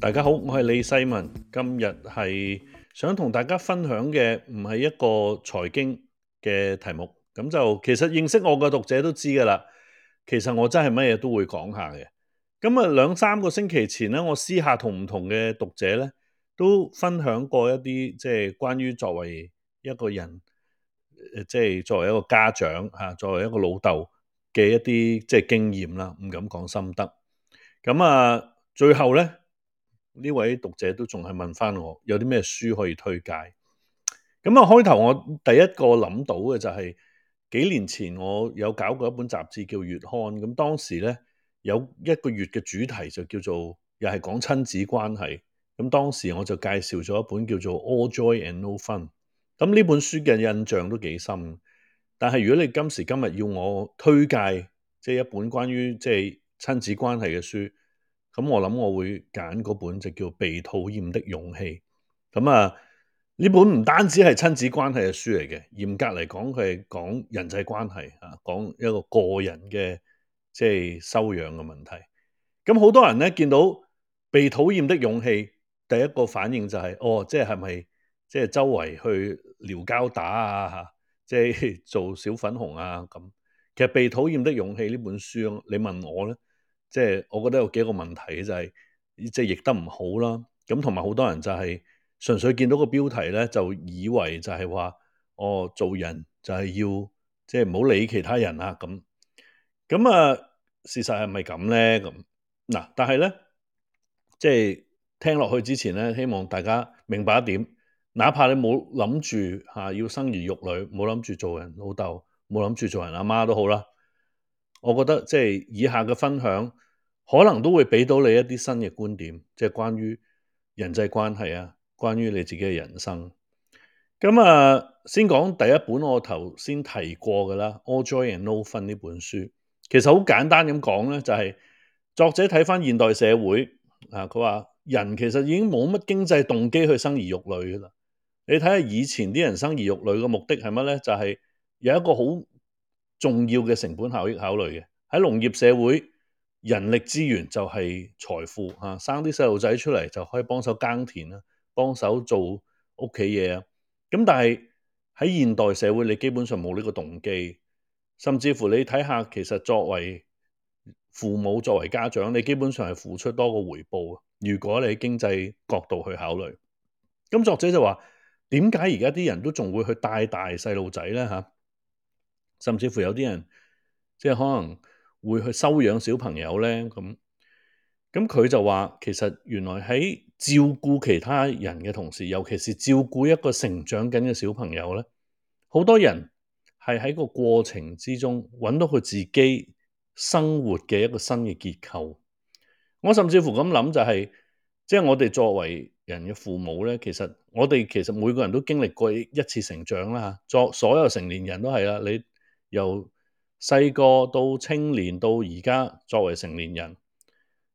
大家好，我係李世文，今日係想同大家分享嘅唔係一個財經嘅題目，咁就其實認識我嘅讀者都知㗎啦，其實我真係乜嘢都會講下嘅。咁啊兩三個星期前咧，我私下和不同唔同嘅讀者咧都分享過一啲即係關於作為一個人，即、就、係、是、作為一個家長、啊、作為一個老豆嘅一啲即係經驗啦，唔敢講心得。咁啊，最後咧。呢位讀者都仲係問翻我有啲咩書可以推介？咁、嗯、啊，開頭我第一個諗到嘅就係、是、幾年前我有搞過一本雜誌叫《月刊》，咁、嗯、當時呢有一個月嘅主題就叫做又係講親子關係，咁、嗯、當時我就介紹咗一本叫做《All Joy and No Fun》，咁、嗯、呢本書嘅印象都幾深。但係如果你今時今日要我推介即係、就是、一本關於即係、就是、親子關係嘅書。咁我諗我會揀嗰本就叫《被討厭的勇氣》。咁啊，呢本唔單止係親子關係嘅書嚟嘅，嚴格嚟講，佢係講人際關係啊，講一個個人嘅即係修養嘅問題。咁好多人咧見到《被討厭的勇氣》，第一個反應就係哦，即係係咪即係周圍去撩交打啊，即係做小粉紅啊咁？其實《被討厭的勇氣》呢本書，你問我呢。即係我覺得有幾個問題就係，即係譯得唔好啦。咁同埋好多人就係純粹見到個標題咧，就以為就係話，哦，做人就係要即係唔好理其他人啦咁。咁啊，事實係咪咁咧？咁嗱，但係咧，即係聽落去之前咧，希望大家明白一點，哪怕你冇諗住嚇要生兒育女，冇諗住做人老豆，冇諗住做人阿媽都好啦。我覺得、就是、以下嘅分享，可能都會俾到你一啲新嘅觀點，即、就、係、是、關於人際關係啊，關於你自己嘅人生。咁啊，先講第一本我頭先提過噶啦，《All Joy and No Fun》呢本書，其實好簡單咁講呢，就係、是、作者睇翻現代社會啊，佢話人其實已經冇乜經濟動機去生兒育女噶啦。你睇下以前啲人生兒育女嘅目的係乜呢？就係、是、有一個好。重要嘅成本效益考慮嘅，喺農業社會，人力資源就係財富嚇、啊，生啲細路仔出嚟就可以幫手耕田啊，幫手做屋企嘢啊。咁但係喺現代社會，你基本上冇呢個動機，甚至乎你睇下，其實作為父母、作為家長，你基本上係付出多個回報啊。如果你經濟角度去考慮，咁作者就話：點解而家啲人都仲會去帶大細路仔咧？嚇、啊！甚至乎有啲人即係可能會去收養小朋友咧，咁咁佢就話其實原來喺照顧其他人嘅同時，尤其是照顧一個成長緊嘅小朋友咧，好多人係喺個過程之中揾到佢自己生活嘅一個新嘅結構。我甚至乎咁諗就係，即係我哋作為人嘅父母咧，其實我哋其實每個人都經歷過一次成長啦，作所有成年人都係啦，你。由細個到青年到而家，作為成年人，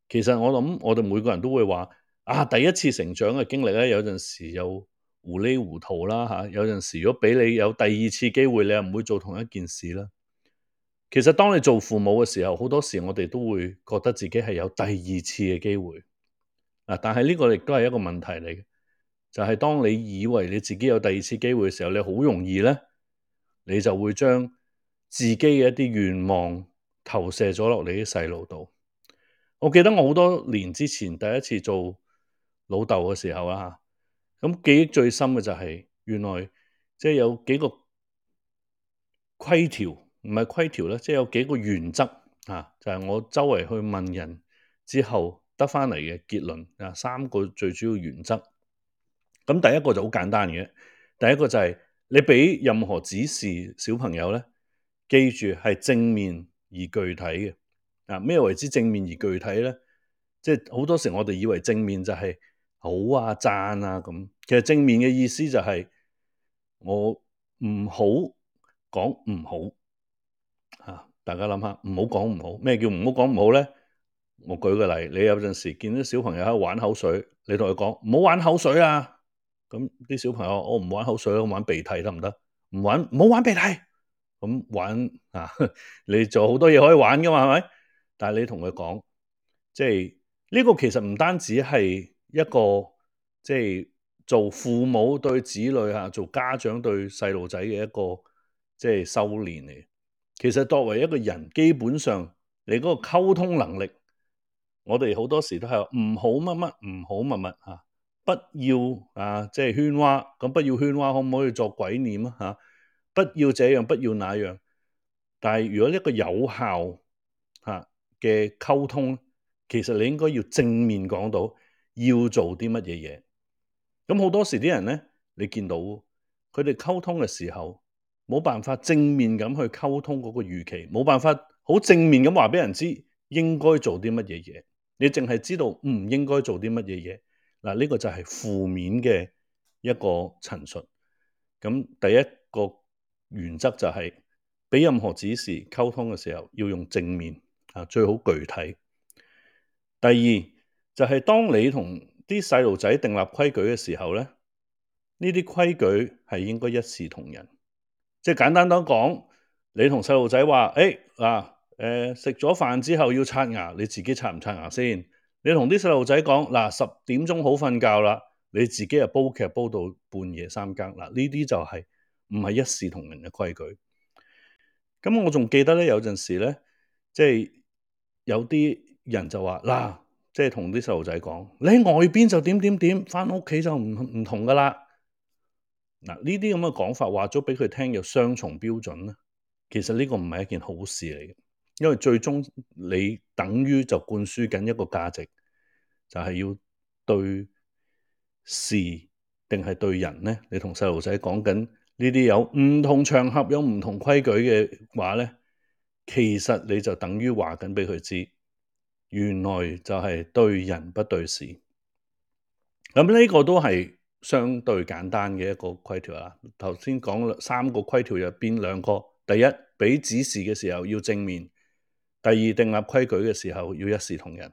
其實我諗我哋每個人都會話啊，第一次成長嘅經歷咧，有陣時又糊裡糊塗啦吓，有陣時如果畀你有第二次機會，你又唔會做同一件事啦。其實當你做父母嘅時候，好多時我哋都會覺得自己係有第二次嘅機會啊，但係呢個亦都係一個問題嚟嘅，就係當你以為你自己有第二次機會嘅時候，你好容易咧，你就會將。自己嘅一啲願望投射咗落你啲細路度。我記得我好多年之前第一次做老豆嘅時候啊，咁記憶最深嘅就係原來即係有幾個規條，唔係規條呢，即係有幾個原則啊。就係我周圍去問人之後得返嚟嘅結論啊，三個最主要原則。咁第一個就好簡單嘅，第一個就係你俾任何指示小朋友呢。記住係正面而具體嘅，啊咩為之正面而具體咧？即係好多時我哋以為正面就係好啊讚啊咁，其實正面嘅意思就係、是、我唔好講唔好啊！大家諗下，唔好講唔好咩？叫唔好講唔好咧？我舉個例，你有陣時見到小朋友喺度玩口水，你同佢講唔好玩口水啊！咁、嗯、啲小朋友，我唔玩口水啦，我玩鼻涕得唔得？唔玩，唔好玩鼻涕。行咁玩啊！你做好多嘢可以玩㗎嘛，係咪？但係你同佢講，即係呢個其實唔單止係一個即係、就是、做父母對子女嚇、啊，做家長對細路仔嘅一個即係、就是、修練嚟。其實作為一個人，基本上你嗰個溝通能力，我哋好多時都係唔好乜乜，唔好乜乜嚇，不要啊！即係喧嘩，咁不要喧嘩，可唔可以作鬼臉？啊？嚇！不要這樣，不要那樣。但係如果一個有效吓嘅溝通，其實你應該要正面講到要做啲乜嘢嘢。咁好多時啲人咧，你見到佢哋溝通嘅時候，冇辦法正面咁去溝通嗰個預期，冇辦法好正面咁話俾人知應該做啲乜嘢嘢。你淨係知道唔應該做啲乜嘢嘢。嗱，呢個就係負面嘅一個陳述。咁第一個。原則就係俾任何指示溝通嘅時候要用正面啊，最好具體。第二就係當你同啲細路仔訂立規矩嘅時候咧，呢啲規矩係應該一視同仁。即係簡單講，你同細路仔話，誒嗱，誒食咗飯之後要刷牙，你自己刷唔刷牙先？你同啲細路仔講，嗱，十點鐘好瞓覺啦，你自己啊煲劇煲到半夜三更。嗱，呢啲就係。唔係一視同仁嘅規矩。咁我仲記得咧，有陣時咧,即係有啲人就話嗱、啊，即係同啲細路仔講，你喺外邊就點點點，翻屋企就唔唔同噶啦。嗱，呢啲咁嘅講法，話咗畀佢聽，有雙重標準咧。其實呢個唔係一件好事嚟嘅，因為最終你等於就灌輸緊一個價值，就係、是、要對事定係對人咧。你同細路仔講緊。呢啲有唔同場合有唔同規矩嘅話咧，其實你就等於話緊俾佢知，原來就係對人不對事。咁呢個都係相對簡單嘅一個規條啦。頭先講三個規條入邊兩個，第一俾指示嘅時候要正面；第二訂立規矩嘅時候要一視同仁。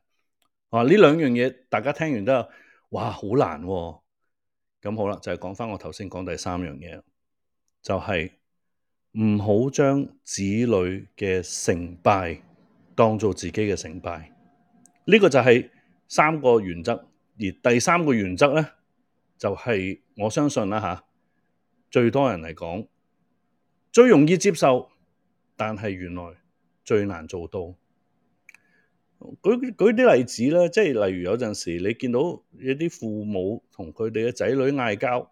啊，呢兩樣嘢大家聽完都哇好難喎。咁好啦，就係講翻我頭先講第三樣嘢。就係唔好將子女嘅成敗當做自己嘅成敗，呢、這個就係三個原則。而第三個原則呢，就係、是、我相信啦、啊、吓，最多人嚟講，最容易接受，但係原來最難做到。舉舉啲例子咧，即係例如有陣時你見到一啲父母同佢哋嘅仔女嗌交。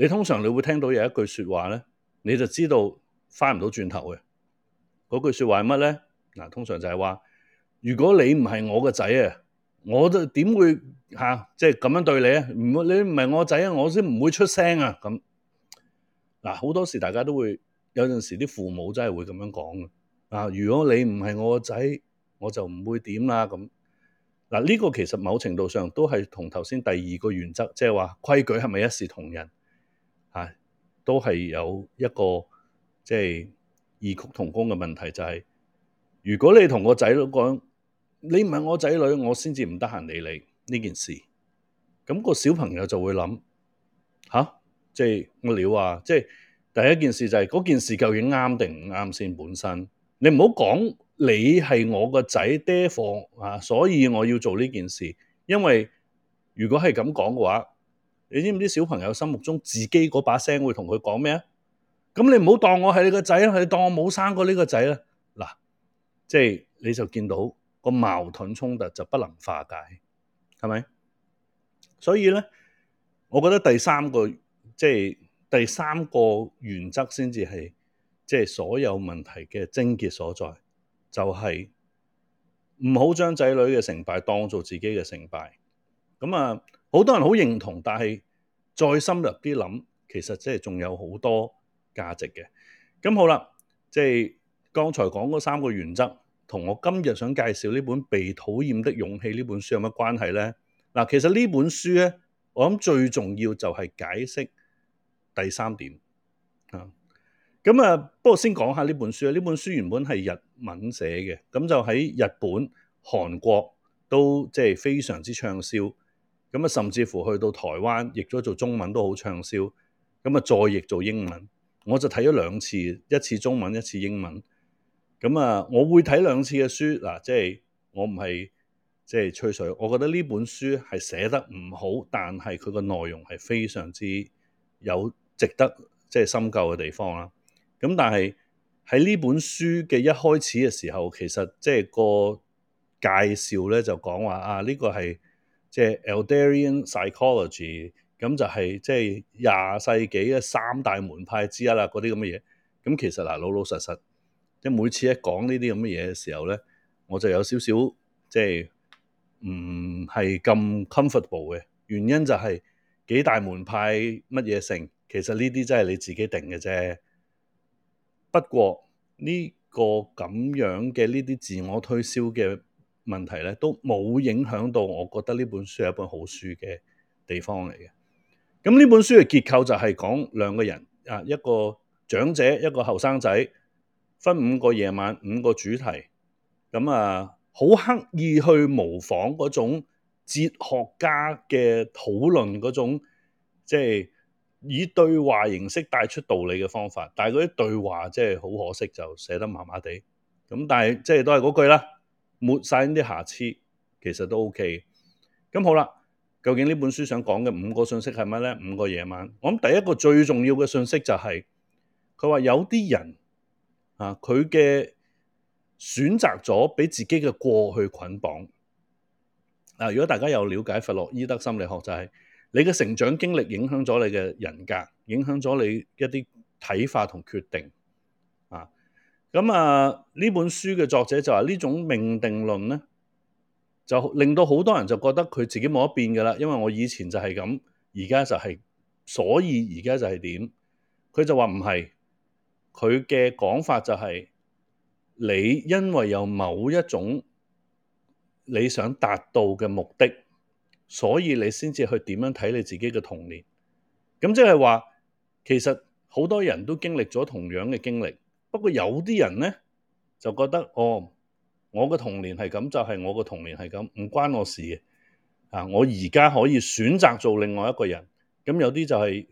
你通常你會聽到有一句説話咧，你就知道翻唔到轉頭嘅句説話係乜咧？嗱，通常就係話：如果你唔係我個仔啊，我就點會嚇即係咁樣對你啊？唔會，你唔係我個仔啊，我先唔會出聲啊。咁嗱，好多時大家都會有陣時啲父母真係會咁樣講嘅嗱。如果你唔係我個仔，我就唔會點啦。咁嗱，呢個其實某程度上都係同頭先第二個原則，即係話規矩係咪一視同仁？都係有一個即係異曲同工嘅問題，就係、是、如果你同個仔女講，你唔係我仔女，我先至唔得閒理你呢件事。咁、那個小朋友就會諗吓，即係我料啊！即係第一件事就係、是、嗰件事究竟啱定唔啱先。本身你唔好講你係我個仔爹父啊，所以我要做呢件事。因為如果係咁講嘅話，你知唔知小朋友心目中自己嗰把聲會同佢講咩啊？咁你唔好當我係你個仔啊，你當我冇生過呢個仔啦。嗱，即係你就見到個矛盾衝突就不能化解，係咪？所以咧，我覺得第三個即係第三個原則先至係即係所有問題嘅症結所在，就係唔好將仔女嘅成敗當做自己嘅成敗。咁啊。好多人好認同，但係再深入啲諗，其實即係仲有好多價值嘅。咁好啦，即係剛才講嗰三個原則，同我今日想介紹呢本《被討厭的勇氣》呢本書有乜關係咧？嗱，其實呢本書咧，我諗最重要就係解釋第三點啊。咁啊，不過先講下呢本書啦。呢本書原本係日文寫嘅，咁就喺日本、韓國都即係非常之暢銷。咁啊，甚至乎去到台灣譯咗做中文都好暢銷，咁啊再譯做英文，我就睇咗兩次，一次中文，一次英文。咁啊，我會睇兩次嘅書嗱，即係我唔係即係吹水，我覺得呢本書係寫得唔好，但係佢個內容係非常之有值得即係深究嘅地方啦。咁但係喺呢本書嘅一開始嘅時候，其實即係個介紹咧就講話啊，呢個係。即係 Adlerian psychology，咁就係即係廿世紀嘅三大門派之一啦。嗰啲咁嘅嘢，咁其實嗱老老實實，即係每次一講呢啲咁嘅嘢嘅時候咧，我就有少少即係唔係咁 comfortable 嘅。原因就係幾大門派乜嘢成，其實呢啲真係你自己定嘅啫。不過呢個咁樣嘅呢啲自我推銷嘅。問題咧都冇影響到，我覺得呢本書係一本好書嘅地方嚟嘅。咁呢本書嘅結構就係講兩個人啊，一個長者，一個後生仔，分五個夜晚，五個主題。咁啊，好刻意去模仿嗰種哲學家嘅討論嗰種，即係以對話形式帶出道理嘅方法。但係嗰啲對話即係好可惜，就寫得麻麻地。咁但係即係都係嗰句啦。抹晒啲瑕疵，其實都 OK。咁好啦，究竟呢本書想講嘅五個信息係乜呢？五個夜晚，我諗第一個最重要嘅信息就係、是，佢話有啲人啊，佢嘅選擇咗俾自己嘅過去捆綁。嗱、啊，如果大家有了解弗洛伊德心理學、就是，就係你嘅成長經歷影響咗你嘅人格，影響咗你一啲睇法同決定。咁啊，呢本書嘅作者就話呢種命定論咧，就令到好多人就覺得佢自己冇得變嘅啦。因為我以前就係咁，而家就係、是，所以而家就係點，佢就話唔係，佢嘅講法就係、是、你因為有某一種你想達到嘅目的，所以你先至去點樣睇你自己嘅童年。咁即係話，其實好多人都經歷咗同樣嘅經歷。不過有啲人咧就覺得，哦，我個童年係咁就係、是、我個童年係咁，唔關我事嘅。啊，我而家可以選擇做另外一個人。咁有啲就係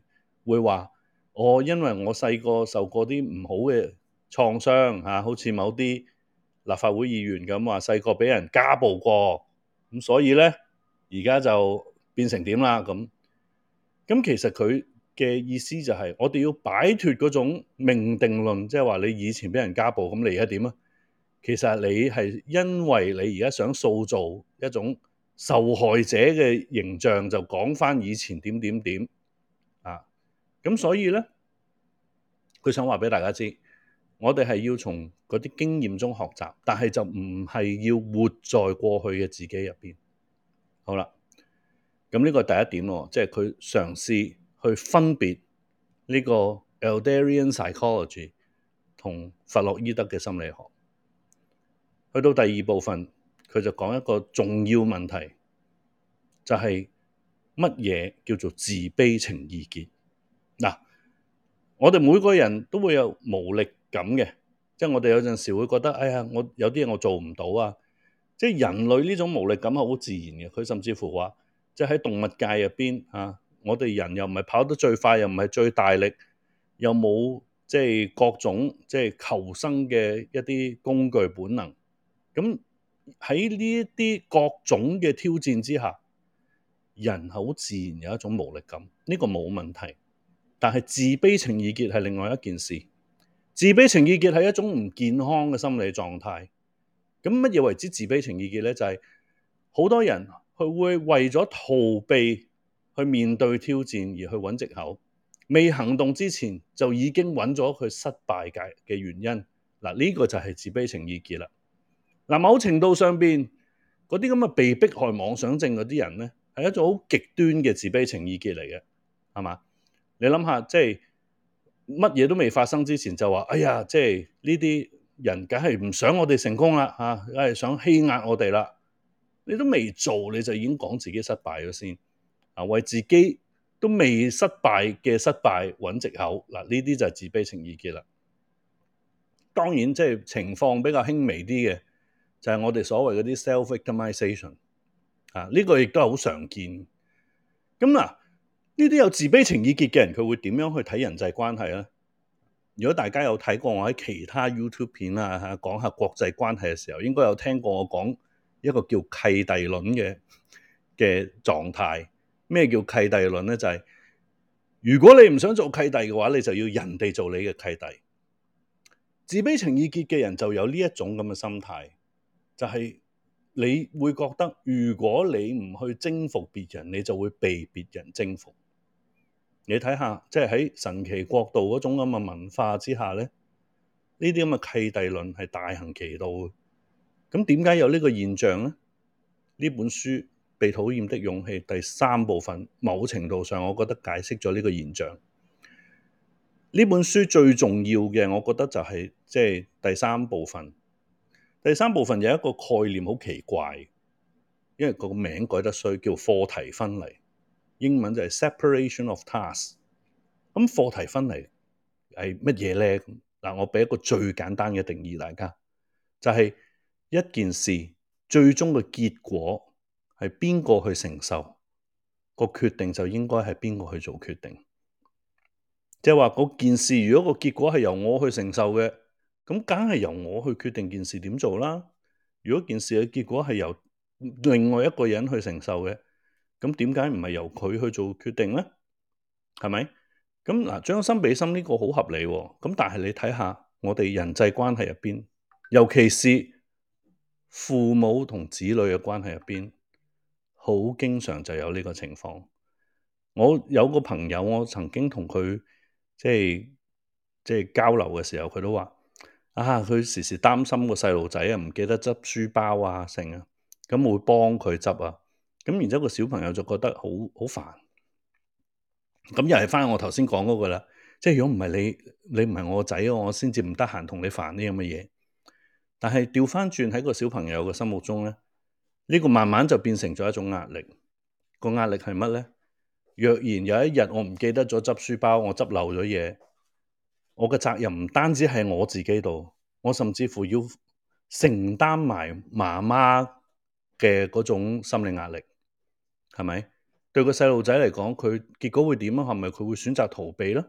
會話，我、哦、因為我細個受過啲唔好嘅創傷，嚇、啊，好似某啲立法會議員咁話細個俾人家暴過，咁所以咧而家就變成點啦咁。咁其實佢。嘅意思就係我哋要擺脫嗰種命定論，即係話你以前俾人家暴咁，你而家點啊？其實你係因為你而家想塑造一種受害者嘅形象，就講返以前點點點啊。咁所以咧，佢想話俾大家知，我哋係要從嗰啲經驗中學習，但係就唔係要活在過去嘅自己入邊。好啦，咁呢個第一點喎，即係佢嘗試。去分別呢個 Adlerian psychology 同弗洛伊德嘅心理學。去到第二部分，佢就講一個重要問題，就係乜嘢叫做自卑情意結。嗱，我哋每個人都會有無力感嘅，即係我哋有陣時會覺得，哎呀，我有啲嘢我做唔到啊！即係人類呢種無力感係好自然嘅，佢甚至乎話，即喺動物界入邊啊。我哋人又唔係跑得最快，又唔係最大力，又冇即係各種即係求生嘅一啲工具本能。咁喺呢啲各種嘅挑戰之下，人好自然有一種無力感。呢個冇問題，但係自卑情意結係另外一件事。自卑情意結係一種唔健康嘅心理狀態。咁乜嘢為之自卑情意結咧？就係好多人佢會為咗逃避。去面對挑戰，而去揾藉口，未行動之前就已經揾咗佢失敗嘅嘅原因。嗱，呢個就係自卑情意結啦。嗱，某程度上邊嗰啲咁嘅被迫害妄想症嗰啲人咧，係一種好極端嘅自卑情意結嚟嘅，係嘛？你諗下，即係乜嘢都未發生之前就話：「哎呀，即係呢啲人梗係唔想我哋成功啦，嚇，梗係想欺壓我哋啦。你都未做，你就已經講自己失敗咗先。啊，為自己都未失敗嘅失敗揾藉口。嗱，呢啲就係自卑情意結啦。當然，即係情況比較輕微啲嘅，就係我哋所謂嗰啲 self-victimization 啊。呢個亦都係好常見。咁嗱，呢啲有自卑情意結嘅人，佢會點樣去睇人際關係咧？如果大家有睇過我喺其他 YouTube 片啊，講下國際關係嘅時候，應該有聽過我講一個叫契弟論嘅嘅狀態。咩叫契弟論呢？就係如果你唔想做契弟嘅話，你就要人哋做你嘅契弟。自卑、情意結嘅人就有呢一種咁嘅心態，就係你會覺得如果你唔去征服別人，你就會被別人征服。你睇下，即係喺神奇國度嗰種咁嘅文化之下咧，呢啲咁嘅契弟論係大行其道嘅。咁點解有呢個現象咧？呢本書。被討厭的勇氣第三部分，某程度上我覺得解釋咗呢個現象。呢本書最重要嘅，我覺得就係即係第三部分。第三部分有一個概念好奇怪，因為個名改得衰，叫課題分離。英文就係 Separation of tasks。咁課題分離係乜嘢呢？嗱，我畀一個最簡單嘅定義大家，就係、是、一件事最終嘅結果，係邊個去承受？個決定就應該係邊個去做決定。即係話件事。如果個結果係由我去承受嘅，咁梗係由我去決定件事點做啦。如果件事嘅結果係由另外一個人去承受嘅，咁點解唔係由佢去做決定咧？係咪咁嗱？將心比心呢個好合理喎。咁但係你睇下我哋人際關係入邊，尤其是父母同子女嘅關係入邊。好經常就有呢個情況。我有個朋友，我曾經同佢即係即係交流嘅時候，佢都話：啊，佢時時擔心個細路仔啊，唔記得執書包啊，成啊，咁我會幫佢執啊。咁然之後個小朋友就覺得好好煩。咁、啊、又係翻我頭先講嗰個啦，即係如果唔係你，你唔係我仔，我先至唔得閒同你煩呢啲咁嘅嘢。但係調翻轉喺個小朋友嘅心目中咧。呢個慢慢就變成咗一種壓力。個壓力係乜呢？若然有一日我唔記得咗執書包，我執漏咗嘢，我嘅責任唔單止喺我自己度，我甚至乎要承擔埋媽媽嘅嗰種心理壓力，係咪？對個細路仔嚟講，佢結果會點啊？係咪佢會選擇逃避呢？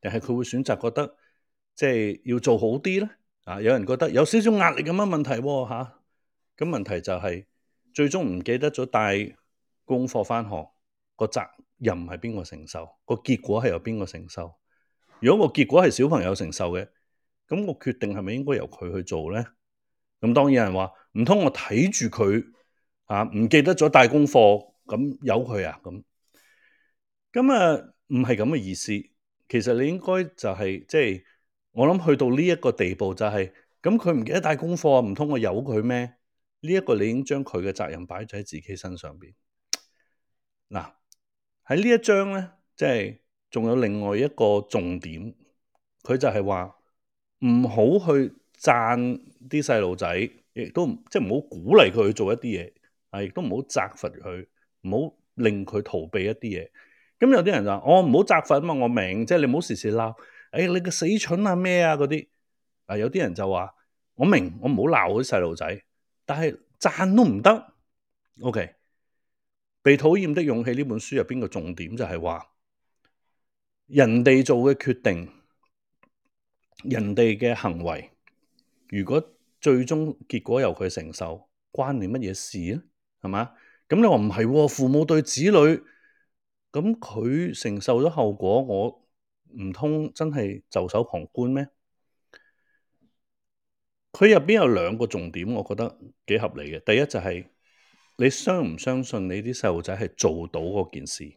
定係佢會選擇覺得即係要做好啲呢？啊，有人覺得有少少壓力咁嘅問題吓，啊，咁，啊，問題就係、是。最終唔記得咗帶功課返學，個責任係邊個承受？個結果係由邊個承受？如果個結果係小朋友承受嘅，咁我決定係咪應該由佢去做呢？咁當然係話，唔通我睇住佢啊？唔記得咗帶功課，咁由佢啊？咁咁啊，唔係咁嘅意思。其實你應該就係即係，我諗去到呢一個地步就係咁，咁佢唔記得帶功課，唔通我由佢咩？呢一個你已經將佢嘅責任擺咗喺自己身上邊。嗱，喺呢一章呢，即係仲有另外一個重點，佢就係話唔好去讚啲細路仔，亦都即係唔好鼓勵佢去做一啲嘢，啊亦都唔好責罰佢，唔好令佢逃避一啲嘢。咁有啲人就話，哦，唔好責罰嘛，我明，即係你唔好時時鬧，哎，你個死蠢啊咩啊嗰啲。啊有啲人就話，我明，我唔好鬧啲細路仔。但係讚都唔得，OK？被討厭的勇氣呢本書入邊嘅重點就係話，人哋做嘅決定，人哋嘅行為，如果最終結果由佢承受，關你乜嘢事咧？係嘛？咁你話唔係喎，父母對子女，咁佢承受咗後果，我唔通真係袖手旁觀咩？佢入邊有兩個重點，我覺得幾合理嘅。第一就係你相唔相信你啲細路仔係做到嗰件事？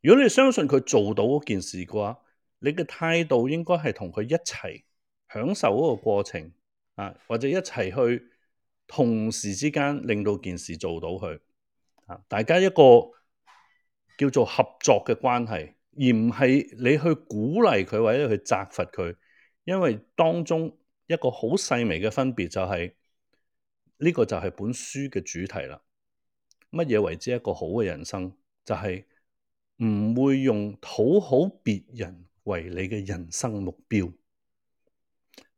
如果你相信佢做到嗰件事嘅話，你嘅態度應該係同佢一齊享受嗰個過程啊，或者一齊去同時之間令到件事做到去啊，大家一個叫做合作嘅關係，而唔係你去鼓勵佢或者去責罰佢，因為當中。一個，就是這個，一個好細微嘅分別就係，呢個就係本書嘅主題啦。乜嘢為之一個好嘅人生？就係、是、唔會用討好別人為你嘅人生目標。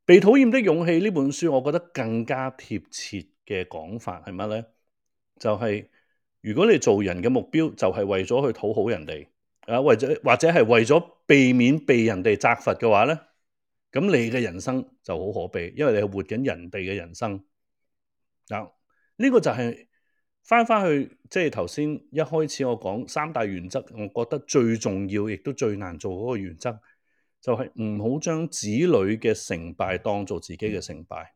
被討厭的勇氣呢本書，我覺得更加貼切嘅講法係乜咧？就係、是、如果你做人嘅目標就係為咗去討好人哋，誒，為咗或者係為咗避免被人哋責罰嘅話咧？咁你嘅人生就好可悲，因為你係活緊人哋嘅人生。嗱，呢個就係翻返去，即係頭先一開始我講三大原則，我覺得最重要，亦都最難做嗰個原則，就係唔好將子女嘅成敗當做自己嘅成敗，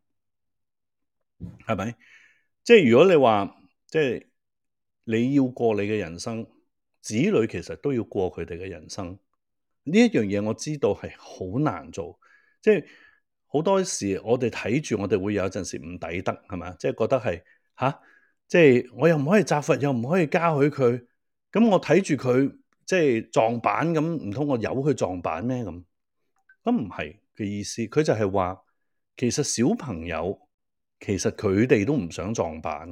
係咪？即係如果你話，即係你要過你嘅人生，子女其實都要過佢哋嘅人生。呢一樣嘢我知道係好難做。即係好多時，我哋睇住，我哋會有陣時唔抵得，係咪？即係覺得係吓、啊，即係我又唔可以責罰，又唔可以嘉許佢，咁我睇住佢即係撞板咁，唔通我由佢撞板咩咁？咁唔係嘅意思，佢就係話，其實小朋友其實佢哋都唔想撞板，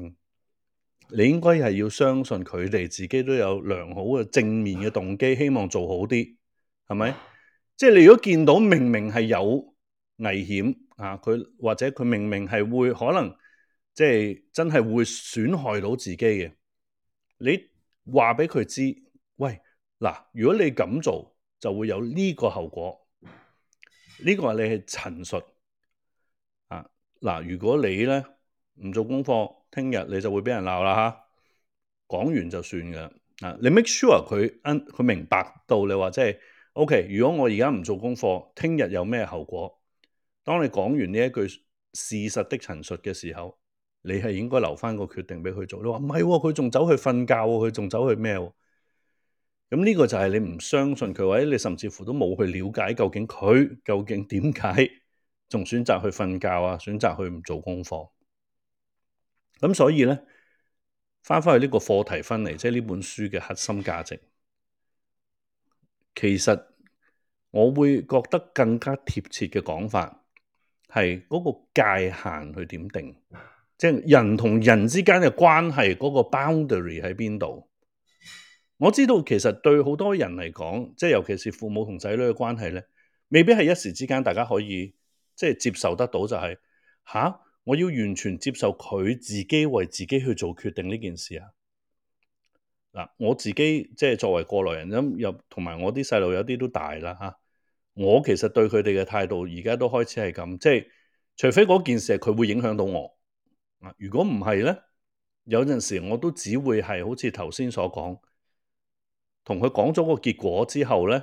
你應該係要相信佢哋自己都有良好嘅正面嘅動機，希望做好啲，係咪？即係你如果見到明明係有危險啊，佢或者佢明明係會可能即係真係會損害到自己嘅，你話俾佢知，喂嗱，如果你咁做就會有呢個後果，呢個話你係陳述啊嗱，如果你咧唔做功課，聽日你就會俾人鬧啦吓，講完就算嘅啊，你 make sure 佢佢明白到你話即係。O、okay, K，如果我而家唔做功課，聽日有咩後果？當你講完呢句事實的陳述嘅時候，你係應該留翻個決定俾佢做。你話唔係喎，佢仲走去瞓覺，佢仲走去咩？咁呢個就係你唔相信佢，或者你甚至乎都冇去了解究竟佢究竟點解仲選擇去瞓覺啊，選擇去唔做功課。咁所以呢，翻翻去呢個課題分離，即係呢本書嘅核心價值。其實我會覺得更加貼切嘅講法係嗰個界限去點定，即係人同人之間嘅關係嗰個 boundary 喺邊度？我知道其實對好多人嚟講，即係尤其是父母同仔女嘅關係呢，未必係一時之間大家可以即係接受得到。就係吓，我要完全接受佢自己為自己去做決定呢件事啊！我自己即作為過來人同埋我啲細路有啲都大啦嚇、啊。我其實對佢哋嘅態度而家都開始係咁，即係除非嗰件事係佢會影響到我啊，如果唔係咧，有陣時我都只會係好似頭先所講，同佢講咗個結果之後咧，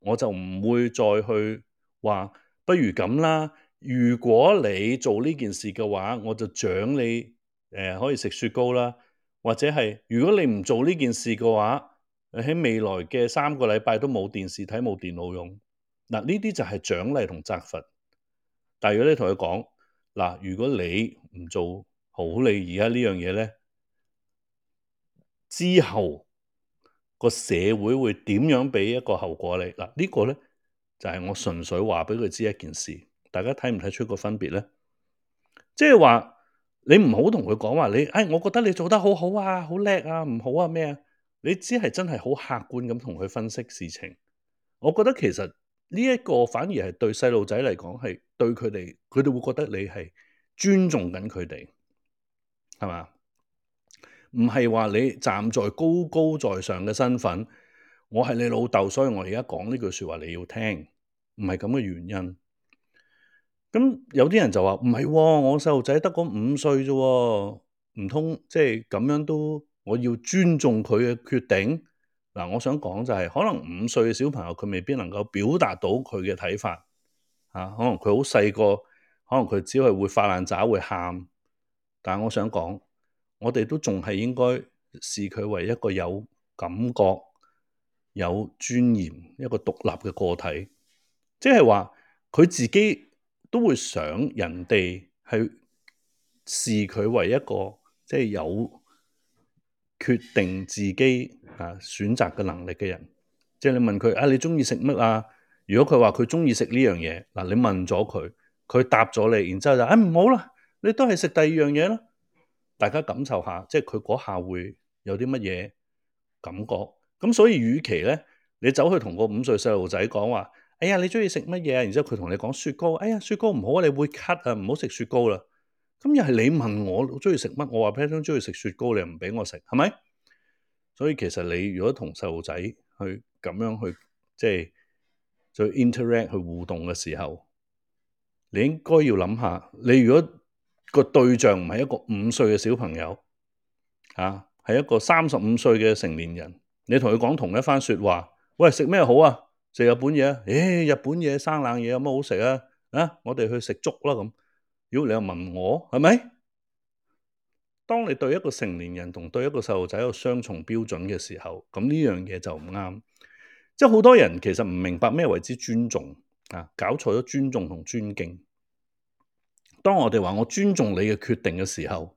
我就唔會再去話不如咁啦。如果你做呢件事嘅話，我就獎你誒、呃、可以食雪糕啦。或者係如果你唔做呢件事嘅話，喺未來嘅三個禮拜都冇電視睇，冇電腦用。嗱，呢啲就係獎勵同責罰。但如果你同佢講嗱，如果你唔做好你而家呢樣嘢咧，之後個社會會點樣畀一個後果你？嗱，呢個咧就係我純粹話畀佢知一件事，大家睇唔睇出個分別咧？即係話。你唔好同佢講話，你、哎、誒，我覺得你做得好好啊，好叻啊，唔好啊，咩？你只係真係好客觀咁同佢分析事情。我覺得其實呢一個反而係對細路仔嚟講係對佢哋，佢哋會覺得你係尊重緊佢哋，係嘛？唔係話你站在高高在上嘅身份，我係你老豆，所以我而家講呢句説話你要聽，唔係咁嘅原因。咁有啲人就話唔係，我細路仔得嗰五歲啫，唔通即係咁樣都我要尊重佢嘅決定。嗱，我想講就係可能五歲嘅小朋友佢未必能夠表達到佢嘅睇法啊，可能佢好細個，可能佢只係會發爛渣會喊，但係我想講，我哋都仲係應該視佢為一個有感覺、有尊嚴、一個獨立嘅個體，即係話佢自己，都會想人哋去視佢為一個即係、就是、有決定自己啊選擇嘅能力嘅人，即係你問佢啊，你鍾意食乜啊？如果佢話佢鍾意食呢樣嘢，嗱你問咗佢，佢答咗你，然之後就誒、哎，唔好啦，你都係食第二樣嘢啦。大家感受下，即係佢嗰下會有啲乜嘢感覺？咁所以，與其咧，你走去同個五歲細路仔講話。哎呀，你中意食乜嘢啊？然之後佢同你講雪糕，哎呀，雪糕唔好啊，你會咳啊，唔好食雪糕啦。咁又係你問我中意食乜？我話 Peter 中意食雪糕，你又唔俾我食，係咪？所以其實你如果同細路仔去咁樣去，即係去 interact 去互動嘅時候，你應該要諗下，你如果個對象唔係一個五歲嘅小朋友，啊，係一個三十五歲嘅成年人，你同佢講同一番說話，喂，食咩好啊？食日本嘢，誒、欸，日本嘢生冷嘢有乜好食啊？啊，我哋去食粥啦咁。妖，你又問我係咪？當你對一個成年人同對一個細路仔有雙重標準嘅時候，咁呢樣嘢就唔啱。即係好多人其實唔明白咩為之尊重、啊、搞錯咗尊重同尊敬。當我哋話我尊重你嘅決定嘅時候，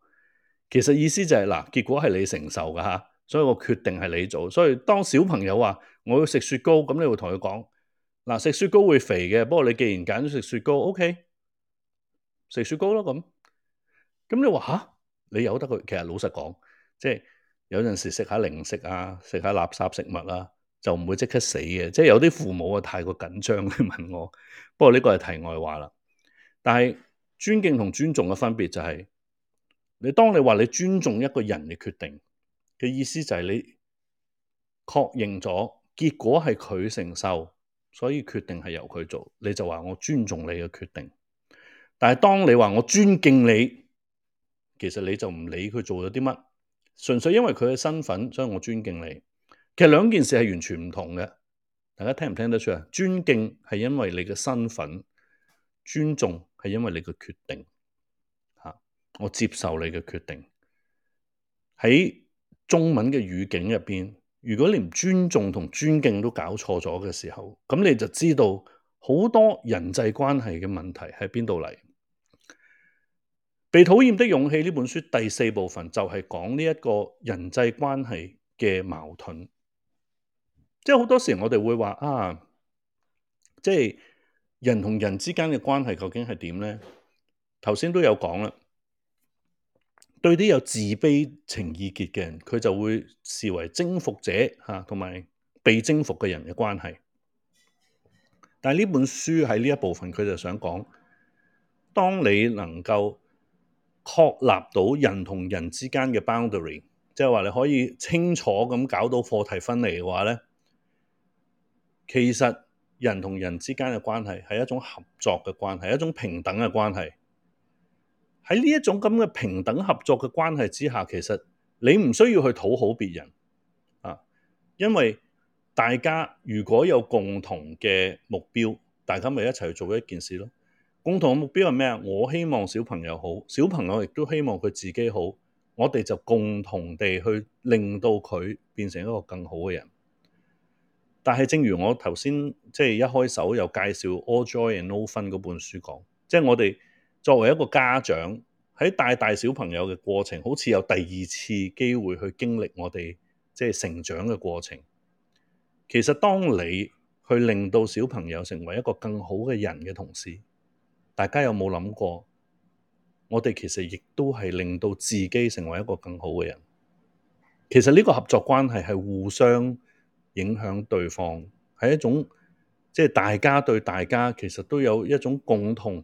其實意思就係、是、嗱、啊，結果係你承受㗎哈。啊。所以我決定係你做，所以當小朋友話我要食雪糕，咁你會同佢講嗱，食雪糕會肥嘅。不過你既然揀咗食雪糕，OK，食雪糕咯咁、啊。你話你由得佢？其實老實講，即係有陣時食下零食啊，食下垃圾食物啊，就唔會即刻死嘅。即係有啲父母啊，太過緊張。你問我，不過呢個係題外話啦。但係尊敬同尊重嘅分別就係、是，你當你話你尊重一個人嘅決定。嘅意思就係你確認咗結果係佢承受，所以決定係由佢做，你就話我尊重你嘅決定。但係當你話我尊敬你，其實你就唔理佢做咗啲乜，純粹因為佢嘅身份，所以我尊敬你。其實兩件事係完全唔同嘅，大家聽唔聽得出啊？尊敬係因為你嘅身份，尊重係因為你嘅決定。嚇，我接受你嘅決定喺。中文嘅語境入邊，如果連尊重同尊敬都搞錯咗嘅時候，咁你就知道好多人際關係嘅問題喺邊度嚟。《被討厭的勇氣》呢本書第四部分就係講呢一個人際關係嘅矛盾，即好多時我哋會話啊，即人同人之間嘅關係究竟係點呢？頭先都有講啦。對啲有自卑情意結嘅人，佢就會視為征服者啊，同埋被征服嘅人嘅關係。但係呢本書喺呢一部分，佢就想講：「當你能夠確立到人同人之間嘅 boundary，即係話你可以清楚噉搞到課題分離嘅話呢，其實人同人之間嘅關係係一種合作嘅關係，一種平等嘅關係。喺呢一種咁嘅平等合作嘅關係之下，其實你唔需要去討好別人啊，因為大家如果有共同嘅目標，大家咪一齊去做一件事咯。共同嘅目標係咩啊？我希望小朋友好，小朋友亦都希望佢自己好，我哋就共同地去令到佢變成一個更好嘅人。但係正如我頭先即係一開手有介紹《All Joy and No Fun》嗰本書講，即係我哋。作為一個家長喺帶大，大小朋友嘅過程，好似有第二次機會去經歷我哋即係成長嘅過程。其實當你去令到小朋友成為一個更好嘅人嘅同時，大家有冇諗過？我哋其實亦都係令到自己成為一個更好嘅人。其實呢個合作關係係互相影響對方，係一種即係、就是、大家對大家其實都有一種共同。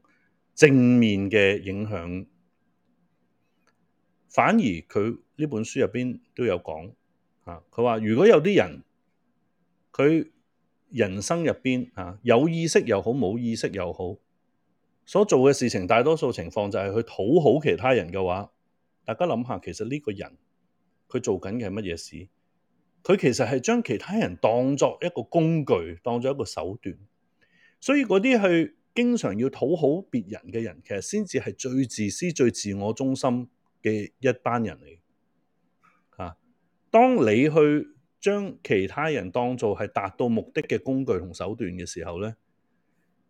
正面嘅影響，反而佢呢本書入面都有講吓。佢啊，話如果有啲人佢人生入邊吓有意識又好，冇意識又好，所做嘅事情大多數情況就係去討好其他人嘅話，大家諗下，其實呢個人佢做緊嘅係乜嘢事？佢其實係將其他人當作一個工具，當作一個手段，所以嗰啲去。經常要討好別人嘅人，其實先至係最自私、最自我中心嘅一班人嚟。嚇、啊！當你去將其他人當做係達到目的嘅工具同手段嘅時候咧，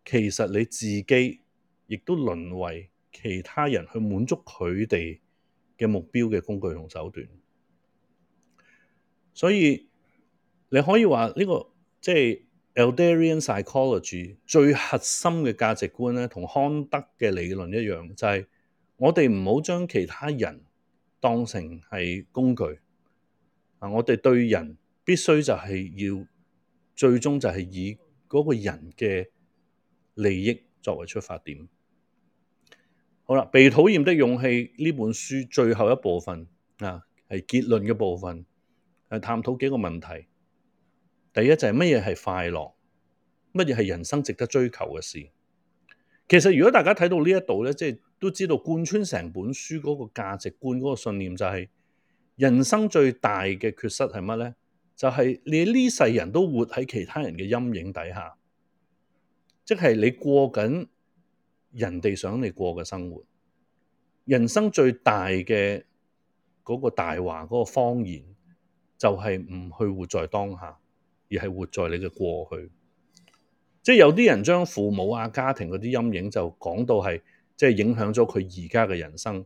其實你自己亦都淪為其他人去滿足佢哋嘅目標嘅工具同手段。所以你可以話呢、呢個即係。即係 Adlerian psychology 最核心嘅價值觀咧，同康德嘅理論一樣，就係、是、我哋唔好將其他人當成係工具。我哋對人必須就係要，最終就係以嗰個人嘅利益作為出發點。好啦，《被討厭的勇氣》呢本書最後一部分啊，係結論嘅部分，係探討幾個問題。第一就係乜嘢係快樂，乜嘢係人生值得追求嘅事。其實如果大家睇到呢一度咧，即係都知道貫穿成本書嗰個價值觀、嗰個信念就係人生最大嘅缺失係乜咧？就係你呢世人都活喺其他人嘅陰影底下，即係你過緊人哋想你過嘅生活。人生最大嘅嗰個大話嗰個謊言，就係唔去活在當下。而係活在你嘅過去，即係有啲人將父母啊、家庭嗰啲陰影就講到係即係影響咗佢而家嘅人生，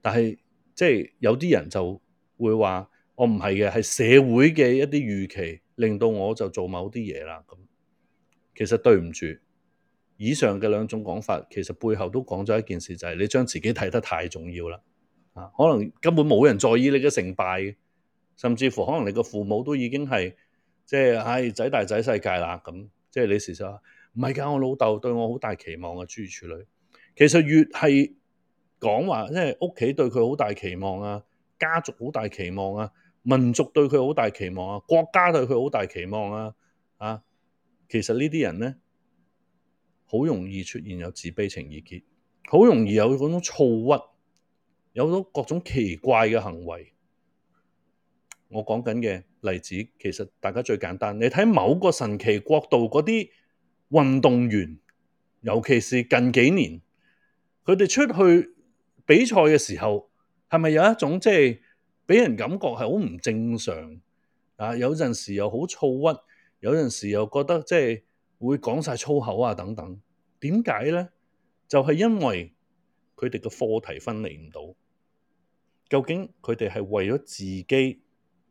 但係即係有啲人就會話：我唔係嘅，係社會嘅一啲預期令到我就做某啲嘢啦。咁其實對唔住，以上嘅兩種講法其實背後都講咗一件事，就係你將自己睇得太重要啦。啊，可能根本冇人在意你嘅成敗，甚至乎可能你嘅父母都已經係。即係，仔、就是哎、仔大仔世界啦，咁即係你事實唔係噶，我老豆對我好大期望嘅、啊，諸如此類，其實越係講話，即係屋企對佢好大期望啊，家族好大期望啊，民族對佢好大期望啊，國家對佢好大期望啊，啊，其實呢啲人咧，好容易出現有自卑情意結，好容易有嗰種躁鬱，有種各種奇怪嘅行為，我講緊嘅。例子其實大家最簡單，你睇某個神奇國度嗰啲運動員，尤其是近幾年，佢哋出去比賽嘅時候，係咪有一種即係畀人感覺係好唔正常啊？有陣時又好躁鬱，有陣時又覺得即係會講晒粗口啊等等。點解咧？就係因為佢哋個課題分離唔到，究竟佢哋係為咗自己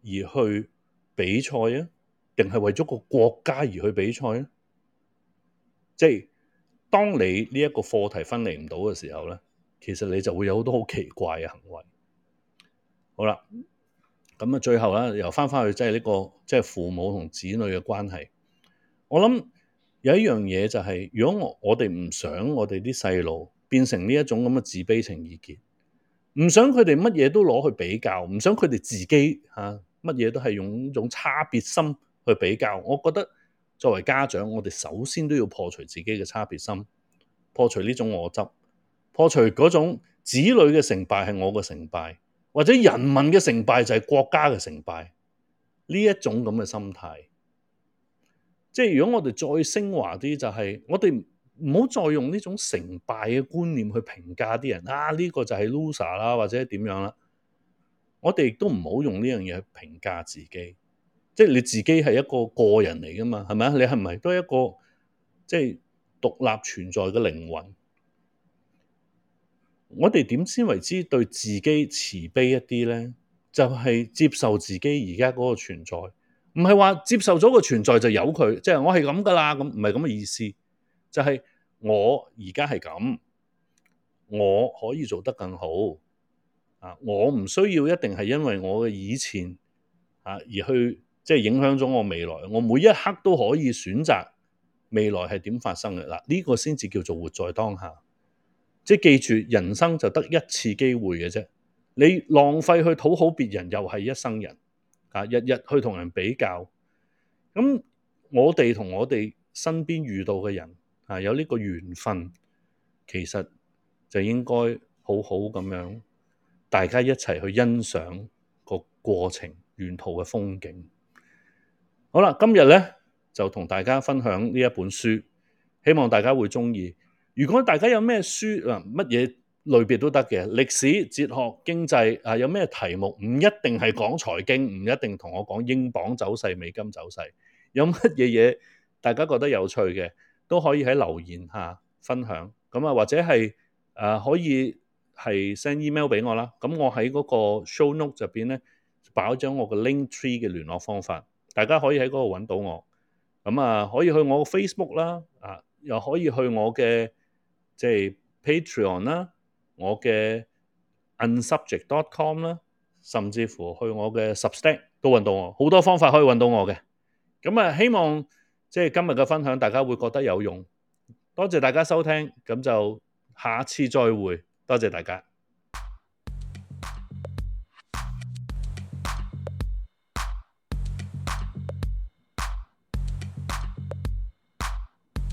而去比賽啊，定係為咗個國家而去比賽咧？即係當你呢一個課題分離唔到嘅時候咧，其實你就會有好多好奇怪嘅行為。好啦，咁啊，最後咧又翻翻去即係呢個即係、就是、父母同子女嘅關係。我諗有一樣嘢就係、是，如果我我哋唔想我哋啲細路變成呢一種咁嘅自卑情意結，唔想佢哋乜嘢都攞去比較，唔想佢哋自己吓。啊乜嘢都係用呢種差別心去比較，我覺得作為家長，我哋首先都要破除自己嘅差別心，破除呢種我執，破除嗰種子女嘅成敗係我嘅成敗，或者人民嘅成敗就係國家嘅成敗呢一種咁嘅心態。即係如果我哋再升華啲，就是，就係我哋唔好再用呢種成敗嘅觀念去評價啲人啊，呢、這個就係 loser 啦，或者點樣啦。我哋都唔好用呢樣嘢去評價自己，即係你自己係一個個人嚟噶嘛，係咪啊？你係咪都係一個即係獨立存在嘅靈魂？我哋點先為之對自己慈悲一啲咧？就係接受自己而家嗰個存在，唔係話接受咗個存在就有佢，即係我係咁噶啦，咁唔係咁嘅意思，就係我而家係咁，我可以做得更好。啊！我唔需要一定係因為我嘅以前啊而去，即係影響咗我未來。我每一刻都可以選擇未來係點發生嘅嗱，呢個先至叫做活在當下。即係記住，人生就得一次機會嘅啫。你浪費去討好別人，又係一生人啊！日日去同人比較，咁我哋同我哋身邊遇到嘅人啊，有呢個緣分，其實就應該好好咁樣。大家一齊去欣賞個過程，沿途嘅風景。好啦，今日呢就同大家分享呢一本書，希望大家會中意。如果大家有咩書嗱，乜嘢類別都得嘅，歷史、哲學、經濟啊，有咩題目，唔一定係講財經，唔一定同我講英鎊走勢、美金走勢，有乜嘢嘢大家覺得有趣嘅，都可以喺留言下分享。咁啊，或者係誒、呃、可以。係 send email 俾我啦，咁我喺嗰個 show note 入邊咧，擺咗我個 link tree 嘅聯絡方法，大家可以喺嗰度揾到我。咁啊，可以去我 Facebook 啦，啊，又可以去我嘅即係 Patreon 啦，我嘅 unsubject.com 啦，甚至乎去我嘅 Substack 都揾到我，好多方法可以揾到我嘅。咁啊，希望即係、就是、今日嘅分享，大家會覺得有用。多謝大家收聽，咁就下次再會。多謝大家。